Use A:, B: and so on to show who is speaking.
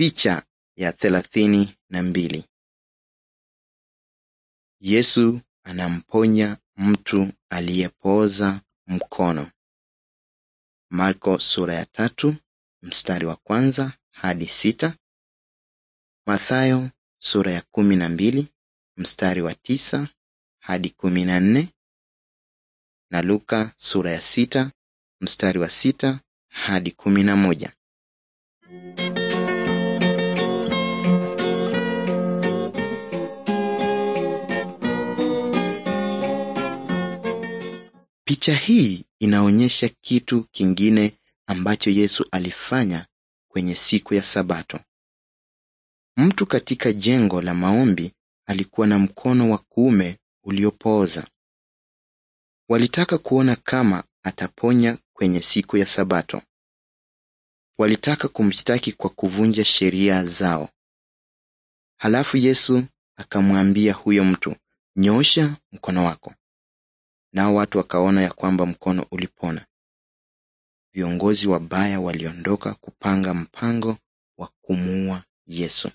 A: Picha ya thelathini na mbili Yesu anamponya mtu aliyepooza mkono. Marko sura ya tatu mstari wa kwanza hadi sita Mathayo sura ya kumi na mbili mstari wa tisa hadi kumi na nne na Luka sura ya sita mstari wa sita hadi kumi na moja. Picha hii inaonyesha kitu kingine ambacho Yesu alifanya kwenye siku ya Sabato. Mtu katika jengo la maombi alikuwa na mkono wa kuume uliopooza. Walitaka kuona kama ataponya kwenye siku ya Sabato. Walitaka kumshtaki kwa kuvunja sheria zao. Halafu Yesu akamwambia huyo mtu, nyoosha mkono wako nao watu wakaona ya kwamba mkono ulipona.
B: Viongozi wabaya waliondoka kupanga mpango wa kumuua Yesu.